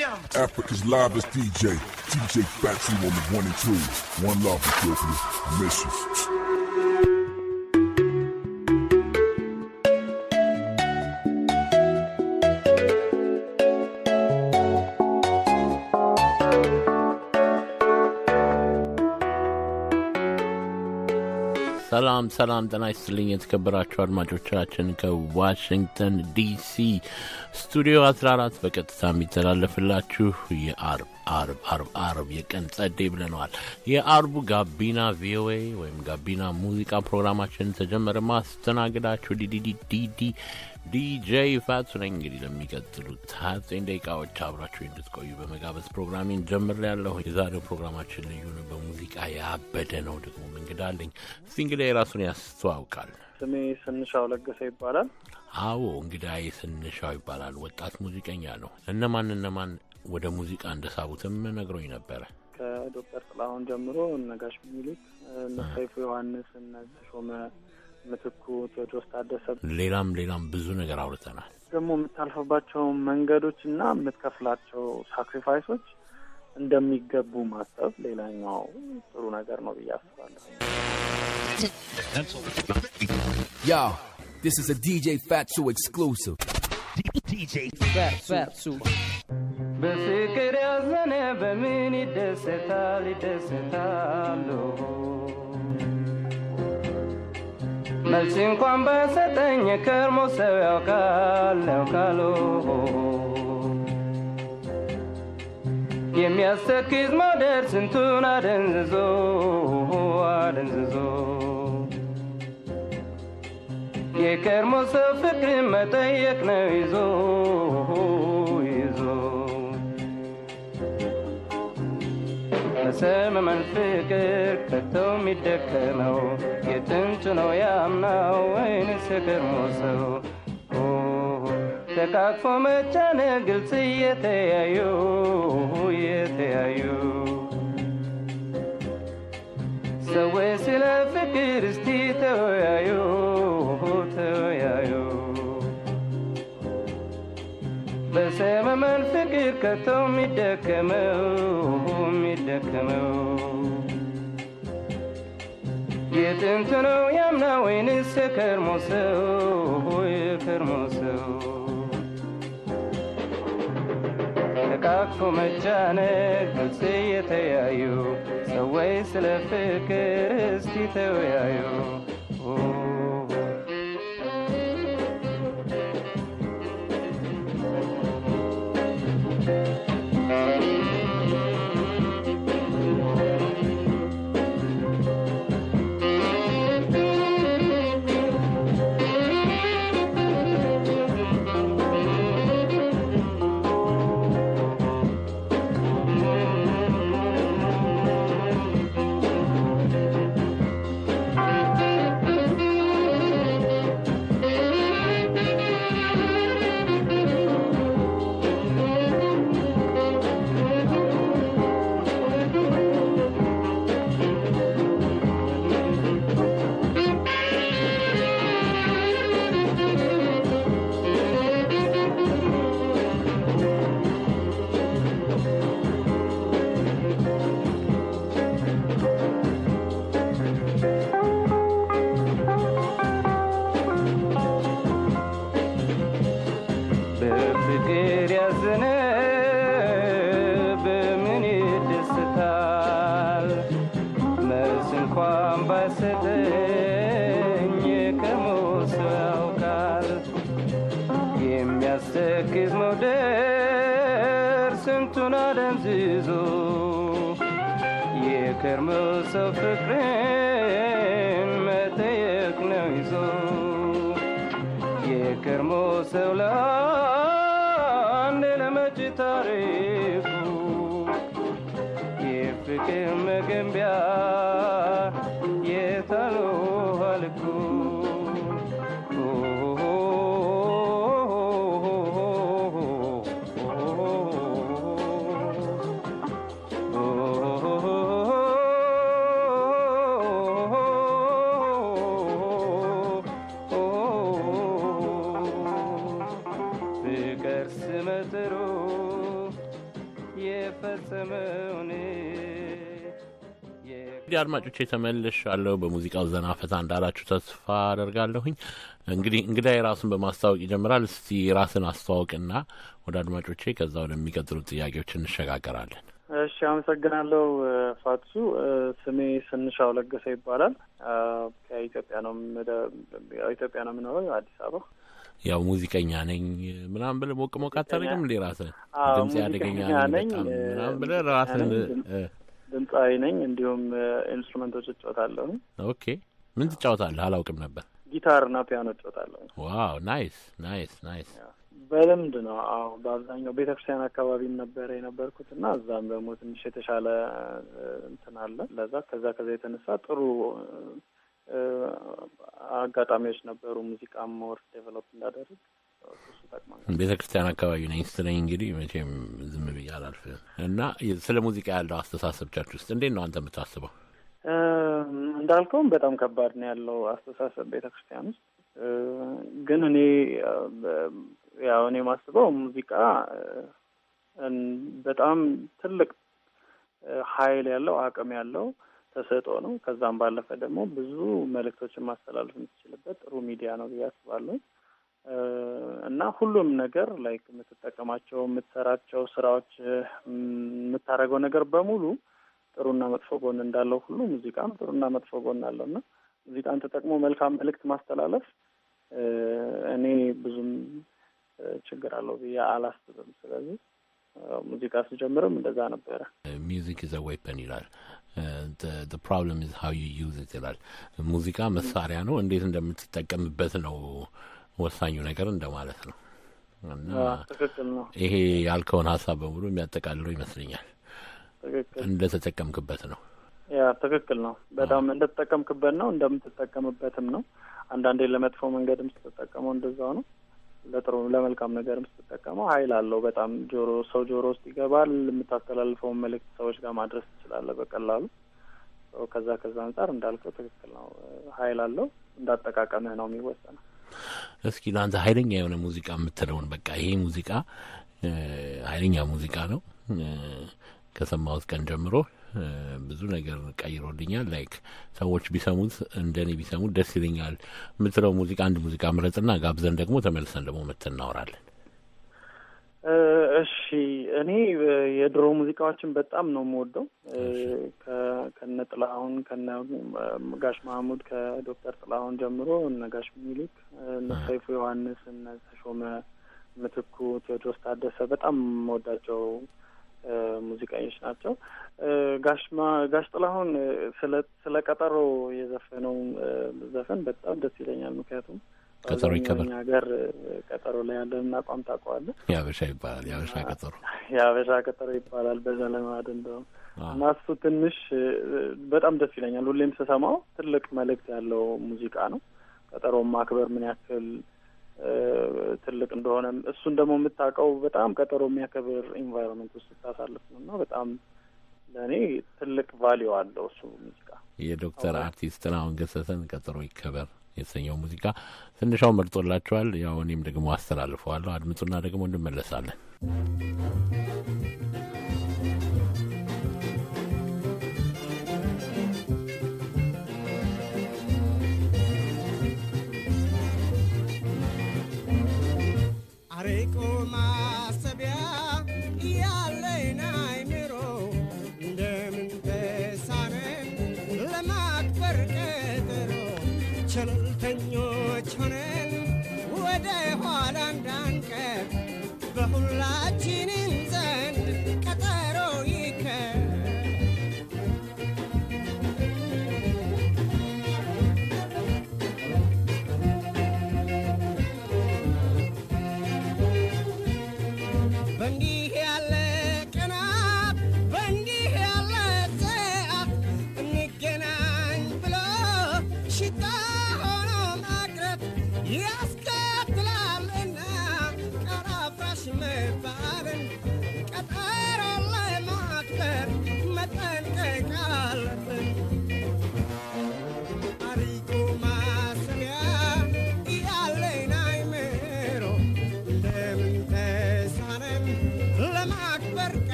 Jim. Africa's livest DJ, TJ Fatsy on the one and two. One love for you. I miss you. ሰላም ጤና ይስጥልኝ የተከበራችሁ አድማጮቻችን ከዋሽንግተን ዲሲ ስቱዲዮ 14 በቀጥታ የሚተላለፍላችሁ የአርብ አርብ አርብ አርብ የቀን ጸዴ ብለነዋል። የአርቡ ጋቢና ቪኦኤ ወይም ጋቢና ሙዚቃ ፕሮግራማችን ተጀመረ። ማስተናገዳቸው ዲዲዲዲዲ ዲጄ ፋቱ ነኝ። እንግዲህ ለሚቀጥሉት ሀያ ደቂቃዎች አብራችሁ እንድትቆዩ በመጋበዝ ፕሮግራሜን ያለሁ። የዛሬው ፕሮግራማችን ልዩ ነው፣ በሙዚቃ ያበደ ነው። ደግሞ እንግዳ አለኝ። እስቲ እንግዳ የራሱን ያስተዋውቃል። ስሜ ስንሻው ለገሰ ይባላል። አዎ እንግዳዬ ስንሻው ይባላል። ወጣት ሙዚቀኛ ነው። እነማን እነማን ወደ ሙዚቃ እንደሳቡትም ነግሮኝ ነበረ። ከዶክተር ጥላሁን ጀምሮ እነጋሽ ሚሉት እነ ሰይፉ ዮሐንስ፣ እነ ተሾመ ምትኩ፣ ቴዎድሮስ ታደሰ፣ ሌላም ሌላም ብዙ ነገር አውርተናል። ደግሞ የምታልፈባቸው መንገዶች እና የምትከፍላቸው ሳክሪፋይሶች እንደሚገቡ ማሰብ ሌላኛው ጥሩ ነገር ነው ብዬ አስባለሁ። ያ ዲስ ኢዝ ዲጄ ፋትሱ ኤክስክሉሲቭ ዲጄ ፋትሱ በፍቅር ያዘነ በምን ይደሰታል ይደሰታሉ። መልስ እንኳን ባይሰጠኝ ከርሞ ሰው ያውቃል ያውቃሉ። የሚያስተክዝ መውደድ ስንቱን አደንዝዞ አደንዝዞ የከርሞ ሰው ፍቅር መጠየቅ ነው ይዞ በሰመመን ፍቅር ከቶ የሚደከመው የጥንቱ ነው ያምናው ወይንስ የቀድሞ ሰው? ተቃቅፎ መጫነ ግልጽ እየተያዩ እየተያዩ ሰዎች ስለ ፍቅር እስቲ ተወያዩ ተወያዩ በሰመመን ፍቅር ከቶ የሚደከመው የሚደክመው የጥንት ነው ያምና ወይንስ የከርሞ ሰው የከርሞ ሰው ተቃቅፎ መጫነቅ ግልጽ እየተያዩ ሰዎች ስለ ፍቅር እስቲ ተወያዩ የሚያስተክዝ መውደድ ስንቱን አደንዝዞ የከርመው ሰው ፍቅርን መጠየቅ ነው ይዞ የከርሞ ሰው ለአንድ ለመጭ ታሪፉ የፍቅር መገንቢያ አድማጮቼ ተመልሻለሁ። በሙዚቃው ዘና ፈታ እንዳላችሁ ተስፋ አደርጋለሁኝ። እንግዲህ እንግዳ የራሱን በማስታወቅ ይጀምራል። እስቲ ራስን አስተዋውቅና ወደ አድማጮቼ፣ ከዛ ወደሚቀጥሉት ጥያቄዎች እንሸጋገራለን። እሺ፣ አመሰግናለሁ ፋትሱ። ስሜ ስንሻው ለገሰ ይባላል። ከኢትዮጵያ ነው ኢትዮጵያ ነው የምኖረው አዲስ አበባ ያው ሙዚቀኛ ነኝ ምናምን ብለህ ሞቅ ሞቅ አታደርግም እንዴ? ራስህ ድምጽ ያደገኛ ነኝ ምናምን ብለህ ራስህን ድምፃዊ ነኝ። እንዲሁም ኢንስትሩመንቶች እጫወታለሁ። ኦኬ፣ ምን ትጫወታለህ? አላውቅም ነበር። ጊታር እና ፒያኖ እጫወታለሁ። ዋው፣ ናይስ ናይስ ናይስ። በልምድ ነው። አዎ፣ በአብዛኛው ቤተክርስቲያን አካባቢ ነበረ የነበርኩት እና እዛም ደግሞ ትንሽ የተሻለ እንትን አለ ለዛ ከዛ ከዛ የተነሳ ጥሩ አጋጣሚዎች ነበሩ ሙዚቃ ሞር ዴቨሎፕ እንዳደረግ ቤተ ክርስቲያን አካባቢ ነኝ ስትለኝ እንግዲህ መቼም ዝም ብዬ አላልፍ እና ስለ ሙዚቃ ያለው አስተሳሰብ ቸርች ውስጥ እንዴት ነው አንተ የምታስበው? እንዳልከውም በጣም ከባድ ነው ያለው አስተሳሰብ ቤተ ክርስቲያን ውስጥ። ግን እኔ ያው እኔ ማስበው ሙዚቃ በጣም ትልቅ ኃይል ያለው አቅም ያለው ተሰጦ ነው። ከዛም ባለፈ ደግሞ ብዙ መልእክቶችን ማስተላለፍ የምትችልበት ጥሩ ሚዲያ ነው ብዬ አስባለሁ። እና ሁሉም ነገር ላይ የምትጠቀማቸው የምትሰራቸው ስራዎች የምታደርገው ነገር በሙሉ ጥሩና መጥፎ ጎን እንዳለው ሁሉ ሙዚቃም ጥሩና መጥፎ ጎን አለው እና ሙዚቃን ተጠቅሞ መልካም መልእክት ማስተላለፍ እኔ ብዙም ችግር አለው ብዬ አላስብም። ስለዚህ ሙዚቃ ስጀምርም እንደዛ ነበረ። ሚውዚክ ዘ ዌፐን ይላል ፕሮብለም ኢዝ ሀው ዩ ዩዝ ይላል። ሙዚቃ መሳሪያ ነው፣ እንዴት እንደምትጠቀምበት ነው ወሳኙ ነገር እንደማለት ነው እና ይሄ ያልከውን ሀሳብ በሙሉ የሚያጠቃልለው ይመስለኛል። እንደተጠቀምክበት ነው። ያ ትክክል ነው። በጣም እንደተጠቀምክበት ነው፣ እንደምትጠቀምበትም ነው። አንዳንዴ ለመጥፎ መንገድም ስትጠቀመው እንደዛው ነው። ለጥሩ ለመልካም ነገርም ስትጠቀመው ኃይል አለው በጣም ጆሮ ሰው ጆሮ ውስጥ ይገባል። የምታስተላልፈውን መልእክት ሰዎች ጋር ማድረስ ትችላለህ በቀላሉ። ከዛ ከዛ አንጻር እንዳልከው ትክክል ነው፣ ኃይል አለው። እንዳጠቃቀምህ ነው የሚወሰነው። እስኪ ለአንተ ኃይለኛ የሆነ ሙዚቃ የምትለውን በቃ ይሄ ሙዚቃ ኃይለኛ ሙዚቃ ነው ከሰማሁት ቀን ጀምሮ ብዙ ነገር ቀይሮልኛል። ላይክ ሰዎች ቢሰሙት እንደኔ ቢሰሙት ደስ ይለኛል የምትለው ሙዚቃ አንድ ሙዚቃ ምረጥና ጋብዘን ደግሞ ተመልሰን ደግሞ ምት እናወራለን። እሺ እኔ የድሮ ሙዚቃዎችን በጣም ነው የምወደው። ከነ ጥላሁን ከነ ጋሽ ማህሙድ ከዶክተር ጥላሁን ጀምሮ እነ ጋሽ ሚኒሊክ፣ እነ ሰይፉ ዮሐንስ፣ እነ ተሾመ ምትኩ፣ ቴዎድሮስ ታደሰ በጣም የምወዳቸው ሙዚቀኞች ናቸው። ጋሽማ ጋሽ ጥላሁን ስለ ቀጠሮ የዘፈነው ዘፈን በጣም ደስ ይለኛል ምክንያቱም ቀጠሮ ይከበር ሀገር ቀጠሮ ላይ ያለንን አቋም ታውቀዋለህ። የአበሻ ይባላል። የአበሻ ቀጠሮ የአበሻ ቀጠሮ ይባላል። በዛ ለማድ እንደውም እና እሱ ትንሽ በጣም ደስ ይለኛል። ሁሌም ስሰማው ትልቅ መልእክት ያለው ሙዚቃ ነው። ቀጠሮን ማክበር ምን ያክል ትልቅ እንደሆነ እሱን ደግሞ የምታውቀው በጣም ቀጠሮ የሚያከብር ኢንቫይሮንመንት ውስጥ ስታሳልፍ ነው እና በጣም ለእኔ ትልቅ ቫሊዩ አለው እሱ ሙዚቃ። የዶክተር አርቲስት ጥላሁን ገሰሰን ቀጠሮ ይከበር የተሰኘው ሙዚቃ ትንሻው መርጦላችኋል። ያው እኔም ደግሞ አስተላልፈዋለሁ። አድምጡና ደግሞ እንመለሳለን።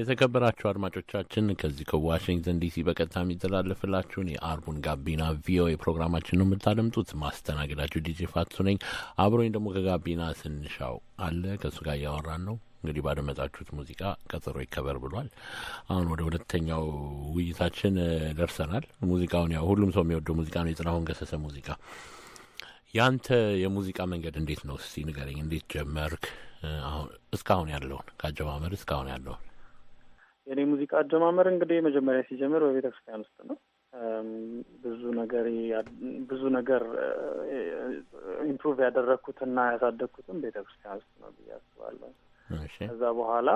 የተከበራችሁ አድማጮቻችን ከዚህ ከዋሽንግተን ዲሲ በቀጥታ የሚተላለፍላችሁን የአርቡን ጋቢና ቪኦኤ ፕሮግራማችን ነው የምታደምጡት። ማስተናገዳችሁ ዲጄ ፋቱ ነኝ። አብሮኝ ደግሞ ከጋቢና ስንሻው አለ። ከእሱ ጋር እያወራን ነው። እንግዲህ ባደመጣችሁት ሙዚቃ ቀጠሮ ይከበር ብሏል። አሁን ወደ ሁለተኛው ውይይታችን ደርሰናል። ሙዚቃውን ያው ሁሉም ሰው የሚወደው ሙዚቃ ነው፣ የጥላሁን ገሰሰ ሙዚቃ። ያንተ የሙዚቃ መንገድ እንዴት ነው? እስቲ ንገረኝ። እንዴት ጀመርክ? አሁን እስካሁን ያለውን ከአጀማመር እስካሁን ያለውን የኔ ሙዚቃ አጀማመር እንግዲህ መጀመሪያ ሲጀምር በቤተ ክርስቲያን ውስጥ ነው። ብዙ ነገር ብዙ ነገር ኢምፕሩቭ ያደረግኩትና ያሳደግኩትም ቤተ ክርስቲያን ውስጥ ነው ብዬ አስባለሁ። ከዛ በኋላ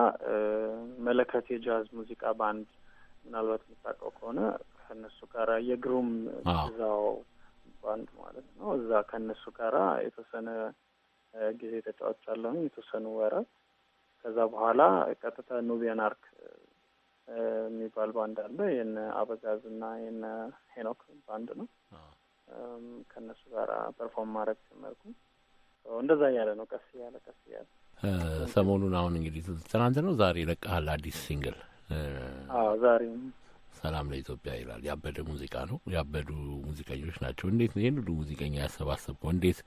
መለከት የጃዝ ሙዚቃ ባንድ ምናልባት የምታውቀው ከሆነ ከእነሱ ጋራ የግሩም እዛው ባንድ ማለት ነው። እዛ ከእነሱ ጋራ የተወሰነ ጊዜ ተጫዋች አለሁኝ የተወሰኑ ወራት። ከዛ በኋላ ቀጥታ ኑቢያን አርክ የሚባል ባንድ አለ። የነ አበጋዝ እና የነ ሄኖክ ባንድ ነው። ከእነሱ ጋር ፐርፎርም ማድረግ ጀመርኩ። እንደዛ እያለ ነው፣ ቀስ እያለ ቀስ እያለ ሰሞኑን። አሁን እንግዲህ ትናንት ነው ዛሬ ለቀሃል አዲስ ሲንግል። ዛሬ ሰላም ለኢትዮጵያ ይላል። ያበደ ሙዚቃ ነው። ያበዱ ሙዚቀኞች ናቸው። እንዴት ነው ይህን ሁሉ ሙዚቀኛ ያሰባሰብከው? እንዴት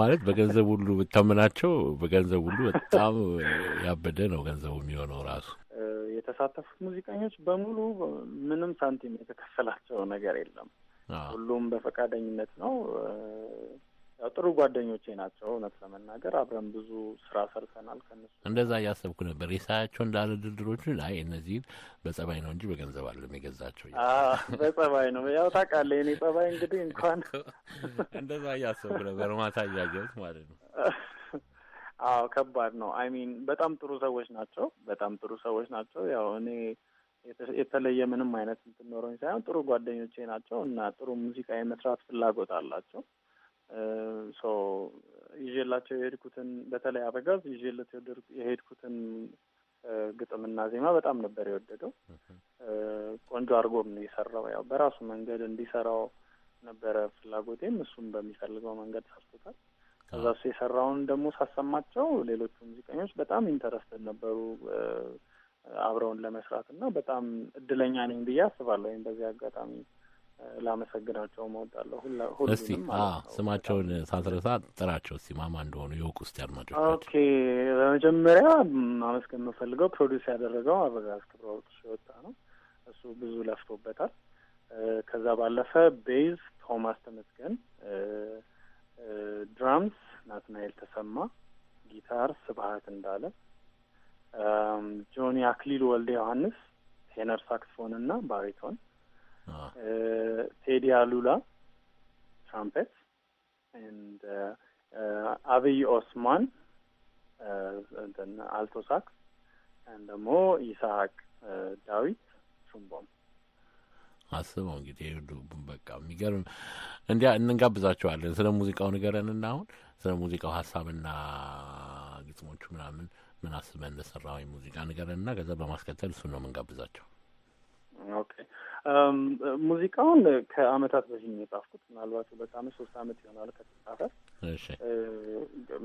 ማለት በገንዘብ ሁሉ ብታምናቸው፣ በገንዘብ ሁሉ በጣም ያበደ ነው ገንዘቡ የሚሆነው ራሱ የተሳተፉት ሙዚቀኞች በሙሉ ምንም ሳንቲም የተከፈላቸው ነገር የለም። ሁሉም በፈቃደኝነት ነው። ጥሩ ጓደኞቼ ናቸው። እውነት ለመናገር አብረን ብዙ ስራ ሰርተናል ከነሱ እንደዛ እያሰብኩ ነበር። የሳያቸው እንዳለ ድርድሮች ላይ እነዚህን በጸባይ ነው እንጂ በገንዘብ አይደለም የገዛቸው። በጸባይ ነው ያው ታውቃለህ፣ የኔ ጸባይ እንግዲህ እንኳን እንደዛ እያሰብኩ ነበር ማታ እያየሁት ማለት ነው አዎ ከባድ ነው። አይ ሚን በጣም ጥሩ ሰዎች ናቸው። በጣም ጥሩ ሰዎች ናቸው። ያው እኔ የተለየ ምንም አይነት ምትኖረኝ ሳይሆን ጥሩ ጓደኞቼ ናቸው እና ጥሩ ሙዚቃ የመስራት ፍላጎት አላቸው። ሶ ይዤላቸው የሄድኩትን በተለይ አበጋዝ ይዤለት የሄድኩትን ግጥምና ዜማ በጣም ነበር የወደደው። ቆንጆ አድርጎም ነው የሰራው። ያው በራሱ መንገድ እንዲሰራው ነበረ ፍላጎቴም፣ እሱም በሚፈልገው መንገድ ሰርቶታል። ከዛ እሱ የሰራውን ደግሞ ሳሰማቸው ሌሎቹ ሙዚቀኞች በጣም ኢንተረስትድ ነበሩ አብረውን ለመስራት እና በጣም እድለኛ ነኝ ብዬ አስባለሁ። ወይም በዚህ አጋጣሚ ላመሰግናቸው እወዳለሁ። እስቲ ስማቸውን ሳትረሳ ጥራቸው እስቲ ማማ እንደሆኑ የወቅ ውስጥ ያድማቸው። ኦኬ በመጀመሪያ ማመስገን የምፈልገው ፕሮዲስ ያደረገው አበጋዝ ክብረወርቅ ሲወጣ ነው። እሱ ብዙ ለፍቶበታል። ከዛ ባለፈ ቤዝ ቶማስ ተመስገን፣ ድራምስ ናትናኤል ተሰማ፣ ጊታር ስብሀት እንዳለ፣ ጆኒ አክሊል ወልደ ዮሐንስ ቴነር ሳክስፎን እና ባሪቶን፣ ቴዲ አሉላ ትራምፔት፣ አብይ ኦስማን አልቶ ሳክስ፣ ደግሞ ይስሀቅ ዳዊት ሹምቦም አስበው እንግዲህ ሁሉም በቃ የሚገርም እንዲያ እንጋብዛቸዋለን። ስለ ሙዚቃው ንገረንና አሁን ስለ ሙዚቃው ሀሳብና ግጥሞቹ ምናምን ምን አስበህ እንደሰራ ወይ ሙዚቃ ንገረንና ከዛ በማስከተል እሱ ነው የምንጋብዛቸው። ኦኬ ሙዚቃውን ከአመታት በፊት የጻፍኩት ምናልባት ሁለት አመት ሶስት አመት ይሆናል ከተጻፈ።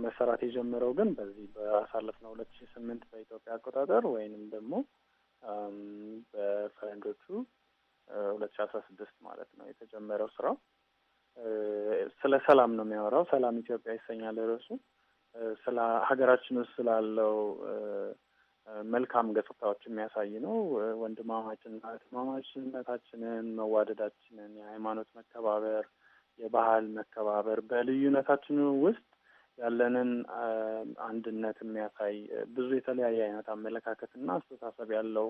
መሰራት የጀመረው ግን በዚህ በአሳለፍነው ሁለት ሺህ ስምንት በኢትዮጵያ አቆጣጠር ወይንም ደግሞ በፈረንጆቹ ሁለት ሺ አስራ ስድስት ማለት ነው የተጀመረው ስራው። ስለ ሰላም ነው የሚያወራው። ሰላም ኢትዮጵያ ይሰኛል ርዕሱ። ስለ ሀገራችን ውስጥ ስላለው መልካም ገጽታዎች የሚያሳይ ነው። ወንድማማችንና እህትማማችነታችንን፣ መዋደዳችንን፣ የሃይማኖት መከባበር፣ የባህል መከባበር፣ በልዩነታችን ውስጥ ያለንን አንድነት የሚያሳይ ብዙ የተለያየ አይነት አመለካከትና አስተሳሰብ ያለው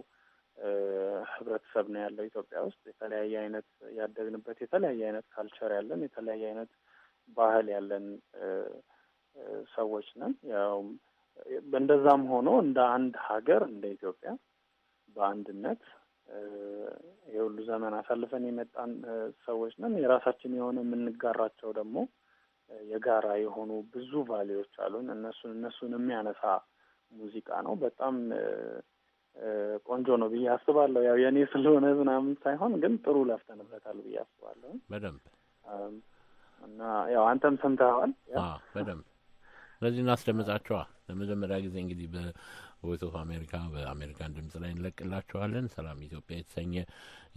ህብረተሰብ ነው ያለው ኢትዮጵያ ውስጥ። የተለያየ አይነት ያደግንበት የተለያየ አይነት ካልቸር ያለን የተለያየ አይነት ባህል ያለን ሰዎች ነን። ያው እንደዛም ሆኖ እንደ አንድ ሀገር እንደ ኢትዮጵያ በአንድነት የሁሉ ዘመን አሳልፈን የመጣን ሰዎች ነን። የራሳችን የሆነ የምንጋራቸው ደግሞ የጋራ የሆኑ ብዙ ቫሌዎች አሉን። እነሱን እነሱን የሚያነሳ ሙዚቃ ነው በጣም ቆንጆ ነው ብዬ አስባለሁ። ያው የእኔ ስለሆነ ምናምን ሳይሆን ግን ጥሩ ለፍተንበታል ብዬ አስባለሁ። በደንብ እና ያው አንተም ሰምተዋል በደንብ ስለዚህ እናስደምጣቸዋ ለመጀመሪያ ጊዜ እንግዲህ ቮይስ ኦፍ አሜሪካ በአሜሪካን ድምጽ ላይ እንለቅላችኋለን። ሰላም ኢትዮጵያ የተሰኘ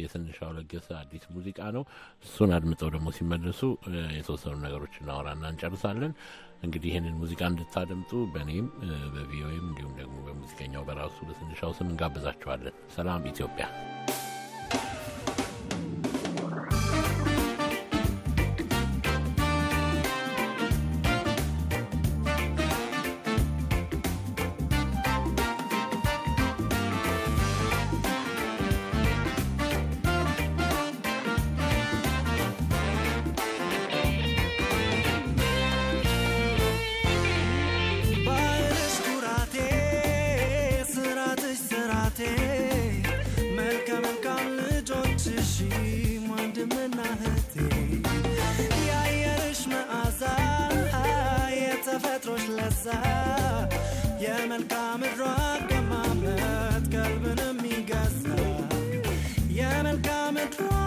የስንሻው ለገሰ አዲስ ሙዚቃ ነው። እሱን አድምጠው ደግሞ ሲመለሱ የተወሰኑ ነገሮች እናወራና እንጨርሳለን። እንግዲህ ይህንን ሙዚቃ እንድታደምጡ በእኔም በቪኦኤም እንዲሁም ደግሞ በሙዚቀኛው በራሱ በስንሻው ስም እንጋብዛችኋለን። ሰላም ኢትዮጵያ Thank you.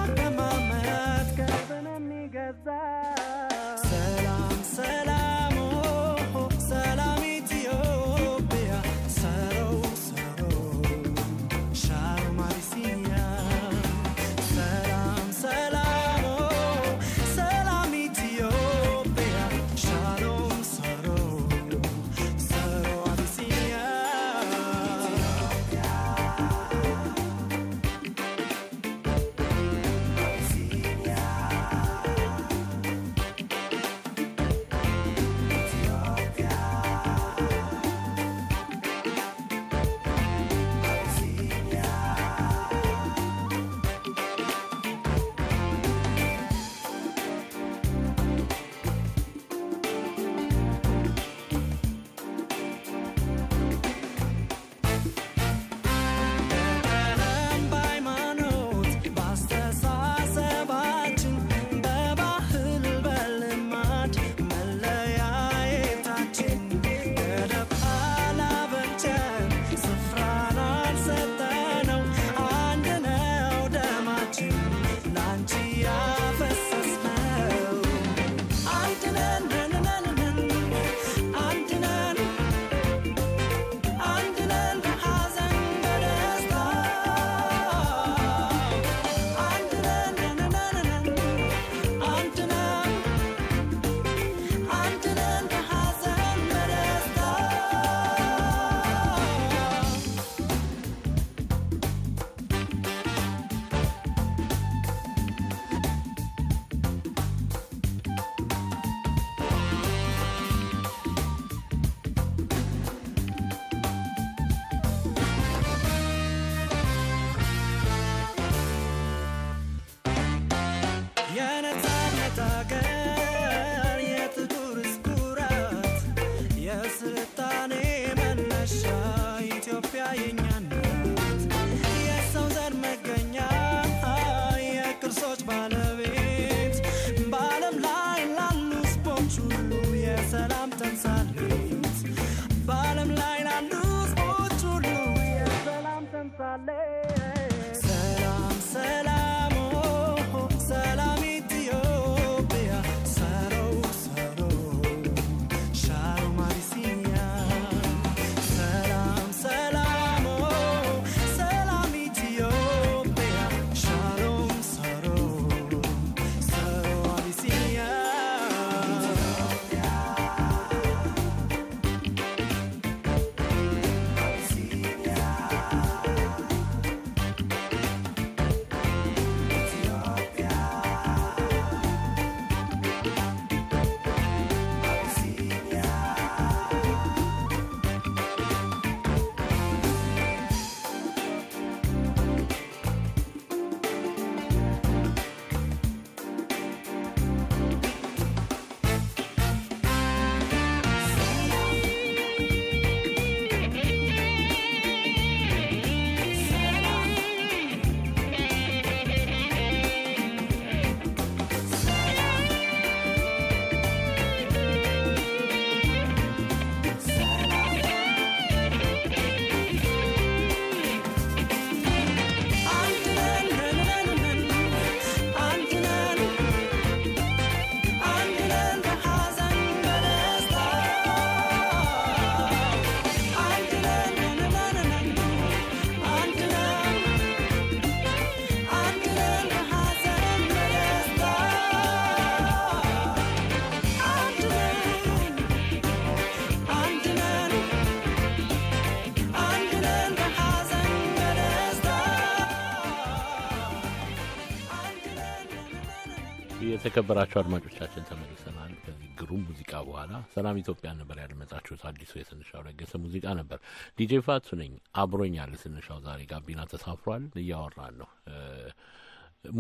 የተከበራቸው አድማጮቻችን ተመልሰናል። ከዚህ ግሩም ሙዚቃ በኋላ ሰላም ኢትዮጵያ ነበር ያደመጣችሁት። አዲሱ የስንሻው ለገሰ ሙዚቃ ነበር። ዲጄ ፋቱ ነኝ። አብሮኛል ስንሻው ዛሬ ጋቢና ተሳፍሯል። እያወራን ነው።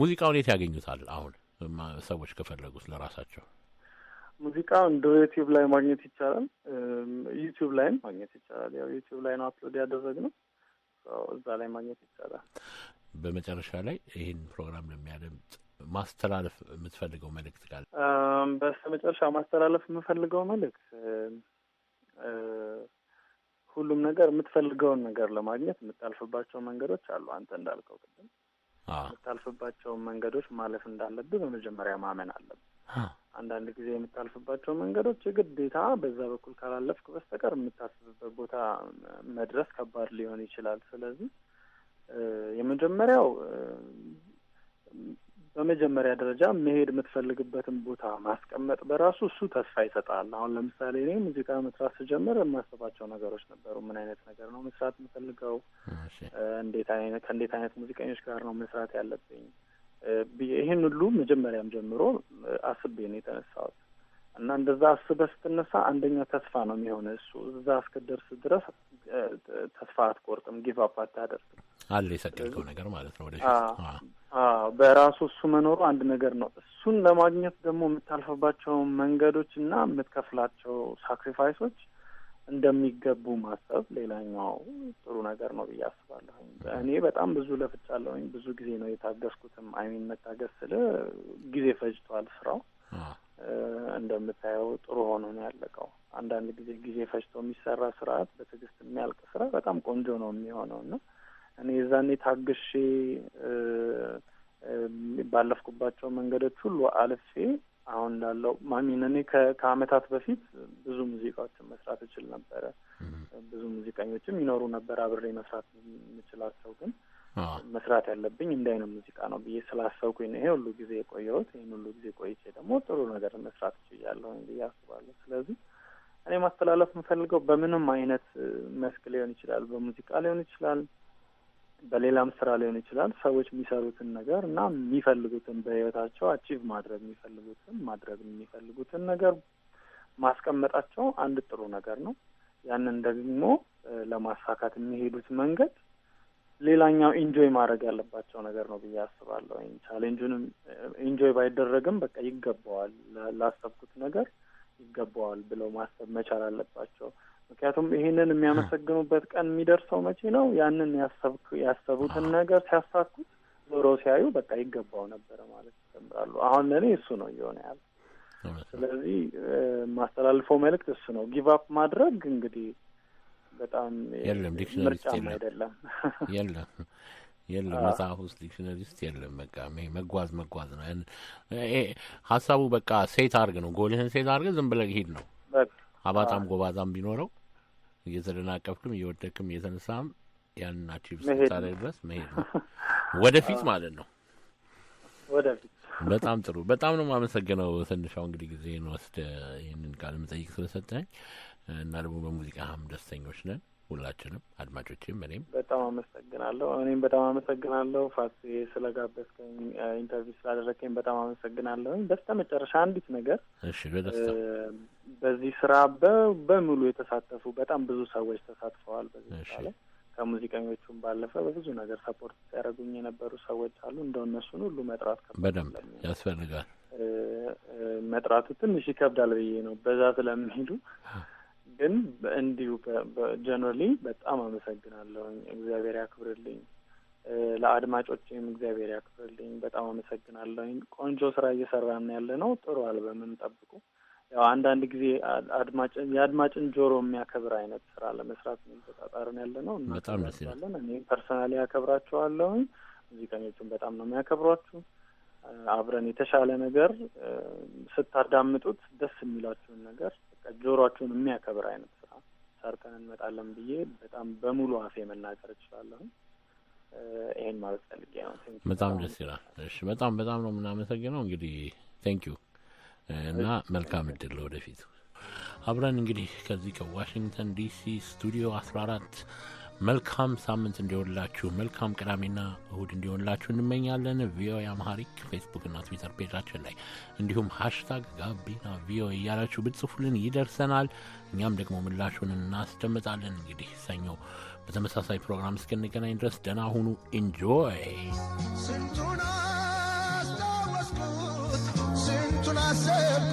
ሙዚቃውን የት ያገኙታል? አሁን ሰዎች ከፈለጉት ለራሳቸው ሙዚቃውን ዩቲዩብ ላይ ማግኘት ይቻላል። ዩቲዩብ ላይም ማግኘት ይቻላል። ያው ዩቲዩብ ላይ ነው አፕሎድ ያደረግነው። እዛ ላይ ማግኘት ይቻላል። በመጨረሻ ላይ ይህን ፕሮግራም ለሚያደምጥ ማስተላለፍ የምትፈልገው መልእክት ካለ? መጨረሻ ማስተላለፍ የምፈልገው መልእክት ሁሉም ነገር የምትፈልገውን ነገር ለማግኘት የምታልፍባቸው መንገዶች አሉ። አንተ እንዳልከው ቅድም የምታልፍባቸውን መንገዶች ማለፍ እንዳለብህ በመጀመሪያ ማመን አለብህ። አንዳንድ ጊዜ የምታልፍባቸው መንገዶች ግዴታ በዛ በኩል ካላለፍክ በስተቀር የምታስብበት ቦታ መድረስ ከባድ ሊሆን ይችላል። ስለዚህ የመጀመሪያው በመጀመሪያ ደረጃ መሄድ የምትፈልግበትን ቦታ ማስቀመጥ በራሱ እሱ ተስፋ ይሰጣል። አሁን ለምሳሌ እኔ ሙዚቃ መስራት ስጀምር የማስባቸው ነገሮች ነበሩ። ምን አይነት ነገር ነው መስራት የምፈልገው? ከእንዴት አይነት ሙዚቀኞች ጋር ነው መስራት ያለብኝ? ይህን ሁሉ መጀመሪያም ጀምሮ አስቤ ነው የተነሳሁት እና እንደዛ አስበህ ስትነሳ አንደኛ ተስፋ ነው የሚሆነ እሱ እዛ እስክደርስ ድረስ ተስፋ አትቆርጥም፣ ጊቭ አፕ አታደርግም። አለ የሰቀልከው ነገር ማለት ነው ወደፊት በራሱ እሱ መኖሩ አንድ ነገር ነው። እሱን ለማግኘት ደግሞ የምታልፍባቸው መንገዶች እና የምትከፍላቸው ሳክሪፋይሶች እንደሚገቡ ማሰብ ሌላኛው ጥሩ ነገር ነው ብዬ አስባለሁኝ። እኔ በጣም ብዙ ለፍቻለሁኝ። ብዙ ጊዜ ነው የታገስኩትም። አይሚን መታገስ ስለ ጊዜ ፈጅቷል። ስራው እንደምታየው ጥሩ ሆኖ ነው ያለቀው። አንዳንድ ጊዜ ጊዜ ፈጅቶ የሚሰራ ስርዓት፣ በትዕግስት የሚያልቅ ስራ በጣም ቆንጆ ነው የሚሆነው እና እኔ የዛኔ ታግሼ ባለፍኩባቸው መንገዶች ሁሉ አልፌ አሁን ላለው ማሚን እኔ ከአመታት በፊት ብዙ ሙዚቃዎችን መስራት እችል ነበረ። ብዙ ሙዚቀኞችም ይኖሩ ነበር አብሬ መስራት የምችላቸው ግን መስራት ያለብኝ እንዲህ አይነት ሙዚቃ ነው ብዬ ስላሰብኩኝ ነው ይሄ ሁሉ ጊዜ የቆየሁት። ይህን ሁሉ ጊዜ ቆይቼ ደግሞ ጥሩ ነገር መስራት እችላለሁ ብዬ አስባለሁ። ስለዚህ እኔ ማስተላለፍ የምፈልገው በምንም አይነት መስክ ሊሆን ይችላል፣ በሙዚቃ ሊሆን ይችላል፣ በሌላም ስራ ሊሆን ይችላል። ሰዎች የሚሰሩትን ነገር እና የሚፈልጉትን በህይወታቸው አቺቭ ማድረግ የሚፈልጉትን ማድረግ የሚፈልጉትን ነገር ማስቀመጣቸው አንድ ጥሩ ነገር ነው። ያንን ደግሞ ለማሳካት የሚሄዱት መንገድ ሌላኛው ኢንጆይ ማድረግ ያለባቸው ነገር ነው ብዬ አስባለሁ። ቻሌንጁንም ኢንጆይ ባይደረግም በቃ ይገባዋል፣ ላሰብኩት ነገር ይገባዋል ብለው ማሰብ መቻል አለባቸው። ምክንያቱም ይህንን የሚያመሰግኑበት ቀን የሚደርሰው መቼ ነው? ያንን ያሰብኩ ያሰቡትን ነገር ሲያሳኩት ዞሮ ሲያዩ በቃ ይገባው ነበረ ማለት ይጀምራሉ። አሁን ለእኔ እሱ ነው እየሆነ ያለ። ስለዚህ የማስተላልፈው መልእክት እሱ ነው። ጊቭ አፕ ማድረግ እንግዲህ በጣም የለም፣ ምርጫም አይደለም። የለም የለም፣ መጽሐፍ ውስጥ ዲክሽነሪ ውስጥ የለም። በቃ ይሄ መጓዝ መጓዝ ነው። ይሄ ሀሳቡ በቃ ሴት አርግ ነው። ጎልህን ሴት አርግ ዝም ብለህ ሂድ ነው። አባጣም ጎባዛም ቢኖረው እየተደናቀፍክም እየወደክም እየተነሳም ያንን አቺቭ ስታደርግ ድረስ መሄድ ነው ወደፊት ማለት ነው። ወደፊት በጣም ጥሩ። በጣም ነው የማመሰግነው። ትንሻው እንግዲህ ጊዜን ወስደ ይህንን ቃለ መጠይቅ ስለሰጠኝ እና ደግሞ በሙዚቃህም ደስተኞች ነን። ሁላችንም አድማጮችም እኔም በጣም አመሰግናለሁ። እኔም በጣም አመሰግናለሁ ፋስ ስለጋበዝከኝ ኢንተርቪው ስላደረግከኝ በጣም አመሰግናለሁ። በስተ መጨረሻ አንዲት ነገር እሺ፣ በደስታ በዚህ ስራ በሙሉ የተሳተፉ በጣም ብዙ ሰዎች ተሳትፈዋል። በዚህ ላይ ከሙዚቀኞቹም ባለፈ በብዙ ነገር ሰፖርት ሲያደርጉኝ የነበሩ ሰዎች አሉ። እንደው እነሱን ሁሉ መጥራት በደንብ ያስፈልጋል። መጥራቱ ትንሽ ይከብዳል ብዬ ነው በዛ ስለሚሄዱ ግን እንዲሁ ጀነራሊ በጣም አመሰግናለሁ። እግዚአብሔር ያክብርልኝ። ለአድማጮቼም እግዚአብሔር ያክብርልኝ። በጣም አመሰግናለሁ። ቆንጆ ስራ እየሰራን ያለ ነው። ጥሩ አልበምን ጠብቁ። ያው አንዳንድ ጊዜ አድማጭን የአድማጭን ጆሮ የሚያከብር አይነት ስራ ለመስራት የሚተጣጣርን ያለ ነው። በጣም እናለን እኔ ፐርሰናሊ ያከብራችኋለሁኝ። ሙዚቀኞቹን በጣም ነው የሚያከብሯችሁ። አብረን የተሻለ ነገር ስታዳምጡት ደስ የሚላችሁን ነገር ጆሮአቸውን የሚያከብር አይነት ስራ ሰርተን እንመጣለን ብዬ በጣም በሙሉ አፌ መናገር እችላለሁ። ይህን ማለት ፈልጌ ነው። በጣም ደስ ይላል። እሺ፣ በጣም በጣም ነው የምናመሰግነው። እንግዲህ ቴንክ ዩ እና መልካም እድል ወደፊት አብረን እንግዲህ ከዚህ ከዋሽንግተን ዲሲ ስቱዲዮ አስራ አራት መልካም ሳምንት እንዲሆንላችሁ መልካም ቅዳሜና እሁድ እንዲሆንላችሁ እንመኛለን። ቪኦኤ አማሪክ ፌስቡክና ትዊተር ፔጃችን ላይ እንዲሁም ሃሽታግ ጋቢና ቪኦኤ እያላችሁ ብጽፉልን ይደርሰናል። እኛም ደግሞ ምላሹን እናስደምጣለን። እንግዲህ ሰኞ በተመሳሳይ ፕሮግራም እስክንገናኝ ድረስ ደና ሁኑ። ኢንጆይ። ስንቱን አስታወስኩት ስንቱን